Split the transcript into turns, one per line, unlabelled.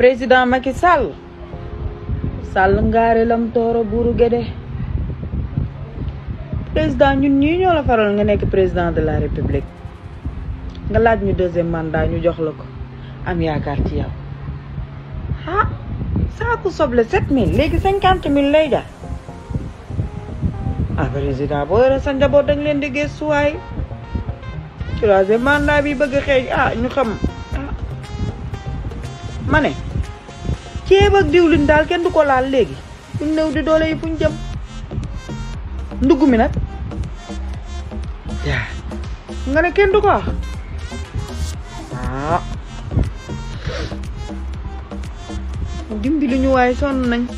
président Macky Sall Sall ngaari lam tooro buuru géde président ñun ñii ñoo la faral nga nekk président de la république nga laaj ñu deuxième mandat ñu jox la ko am yaakaar ci yow ah saaku soble sept mille léegi cinquante mille lay jar ah président boo yore sa njaboot dañ leen di gëstu waay troisième mandat bi bëgg xeeñ ah ñu xam ah ceeb ak diwlin daal kenn du ko laal léegi ñu néew di doole yi fuñ jëm ndugg mi nag nga ne kenn du ko wax ah dimbali waaye sonn